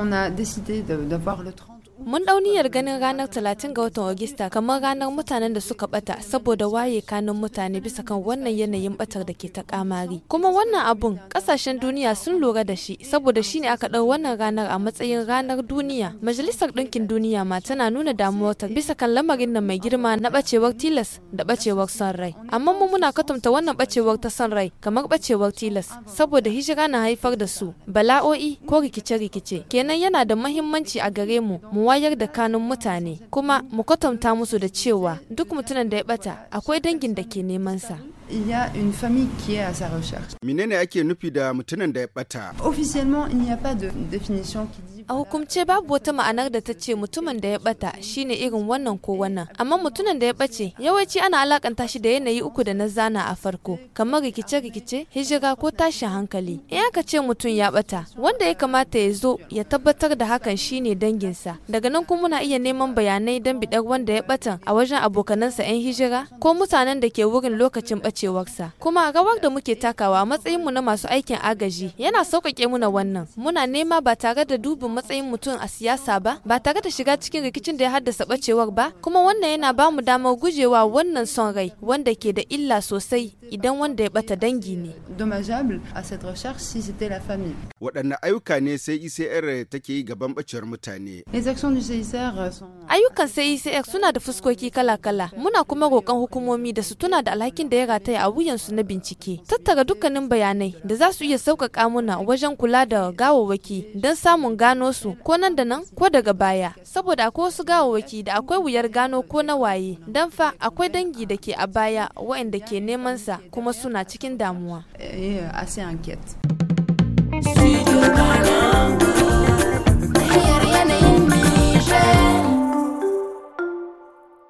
on a décidé d'avoir le 30 Mun dau niyyar ganin ranar 30 ga watan Agusta kamar ranar mutanen da suka bata saboda waye kanun mutane bisa kan wannan yanayin batar da ke ta kamari. Kuma wannan abun kasashen duniya sun lura da shi saboda shine aka ɗau wannan ranar a matsayin ranar duniya. Majalisar Ɗinkin Duniya ma tana nuna damuwarta bisa kan lamarin nan mai girma na bacewar tilas da bacewar son rai. Amma mu muna katumta wannan bacewar ta son rai kamar bacewar tilas saboda hijira na haifar da su bala'o'i ko rikice-rikice. Kenan yana da mahimmanci a gare mu mu wayar da kanun mutane kuma mu kwatanta musu da cewa duk mutumin da ya bata akwai dangin da ke neman sa. a sa Menene ake nufi da mutumin da ya bata? Officiellement, il n'y a pas de définition qui A hukumce babu wata ma'anar da ta ce mutumin da ya bata shine irin wannan ko wannan. Amma mutumin da ya bace yawanci ana alakanta shi da yanayi uku da na zana a farko, kamar rikice-rikice, hijira ko tashin hankali. In aka ce mutum ya bata, wanda ya kamata ya zo ya tabbatar da hakan shine danginsa. Daga nan kuma muna iya neman bayanai don biɗar wanda ya bata a wajen abokanansa 'yan hijira ko mutanen da ke wurin lokacin bacewarsa. Kuma rawar da muke takawa a matsayinmu na masu aikin agaji yana sauƙaƙe muna wannan. Muna nema ba tare da dubin matsayin mutum a siyasa ba ba tare da shiga cikin rikicin da ya haddasa bacewar ba kuma wannan yana ba mu damar gujewa wannan son rai wanda ke da illa sosai idan wanda ya bata dangi ne. Waɗanne ayyuka ne sai ICR e take yi gaban bacewar mutane? E Ayyukan sai ICR e suna da fuskoki kala-kala muna kuma roƙon hukumomi da su tuna da alhakin da ya rataya a wuyansu na bincike. Tattara dukkanin bayanai da za su iya sauƙaƙa muna wajen kula da gawawwaki don samun gano su ko nan da nan ko daga baya saboda akwai wasu gawawaki da akwai wuyar gano ko na waye dan fa akwai dangi da ke a baya waɗanda ke neman sa kuma suna cikin damuwa. Eh, eh, Studio yeah,